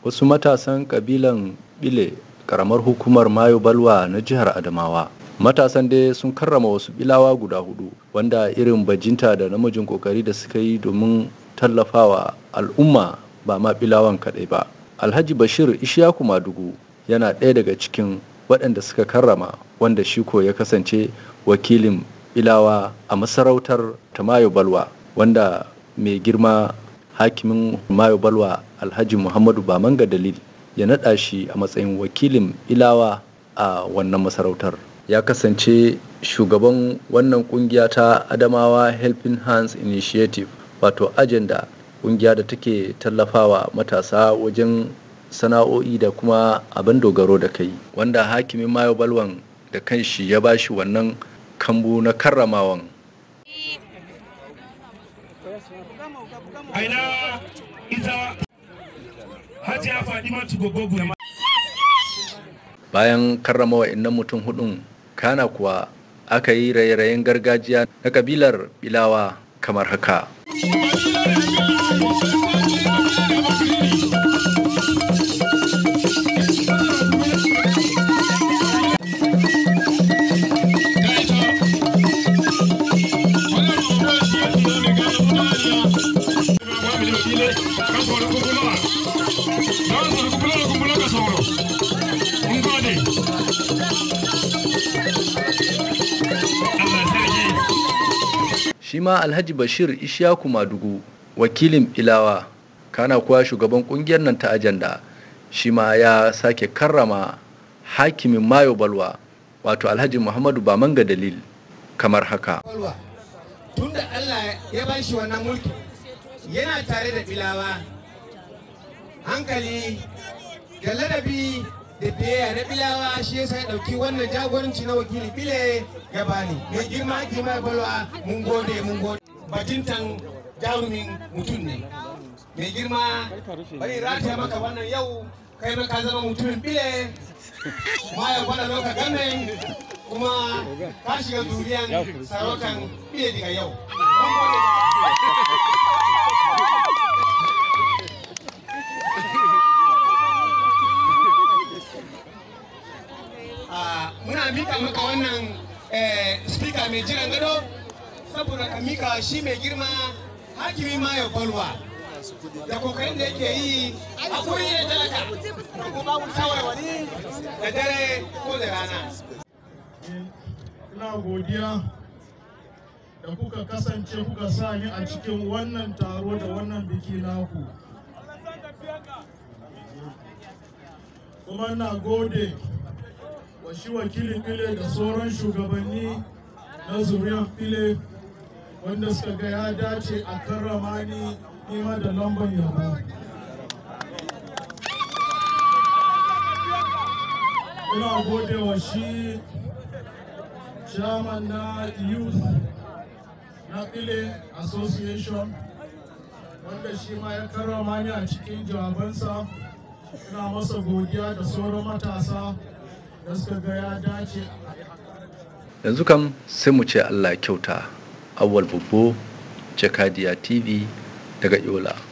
wasu matasan kabilan bile karamar hukumar mayo balwa na jihar adamawa matasan dai sun karrama wasu bilawa guda hudu wanda irin bajinta da namijin kokari da suka yi domin tallafawa al'umma ba ma bilawan kaɗai ba alhaji bashir ishaku madugu yana ɗaya daga cikin waɗanda suka karrama wanda shi ko ya kasance wakilin bilawa a masarautar ta mayo balwa wanda mai girma hakimin mayo balwa alhaji muhammadu bamanga dalil ya naɗa shi a matsayin wakilin ilawa a wannan masarautar ya kasance shugaban wannan kungiya ta adamawa helping hands initiative wato ajenda kungiya da take tallafawa matasa wajen sana'o'i da kuma abin dogaro da kai wanda hakimin mayo balwan da kanshi ya bashi wannan kambu na karramawan aina ya bayan karrama wa'annan mutum hudun kana kuwa aka yi raye-rayen gargajiya na kabilar bilawa kamar haka shi ma alhaji bashir ishaku madugu wakilin ilawa kana kuwa shugaban kungiyar nan ta ajanda shi ma ya sake karrama hakimin mayo balwa wato alhaji muhammadu manga dalil kamar haka tunda allah ya ba shi wannan mulki yana tare da ilawa hankali da ladabi da biyayya na bilawa shi yasa ya ɗauki wannan jagoranci na wakili bile gabani mai girma girma balwa mun gode mun gode bajintan jarumin mutum ne mai girma bari rataya maka wannan yau kai maka zama mutumin bile bayan kwana loka gamen kuma ka shiga zuriyan sarautan bile daga yau muna mika maka wannan eh, speaker mai jiran gado saboda ka mika shi mai girma hakimi ma ya kwalwa da kokarin da yake yi a kuri ne talaka da kuma babu shawarwari da dare ko da rana ina godiya da kuka kasance kuka sa ni a cikin wannan taro da wannan biki naku kuma na gode shi wakilin file da sauran shugabanni na zuriyar file wanda suka ga ya dace a karrama ni nima da lambar yaba ina gode wa shi chairman na youth na file association wanda shi ma ya karrama ni a cikin jawabansa ina masa godiya da sauran matasa yanzu kam sai mu ce allah kyauta awal bubbo jakadiya tv daga yola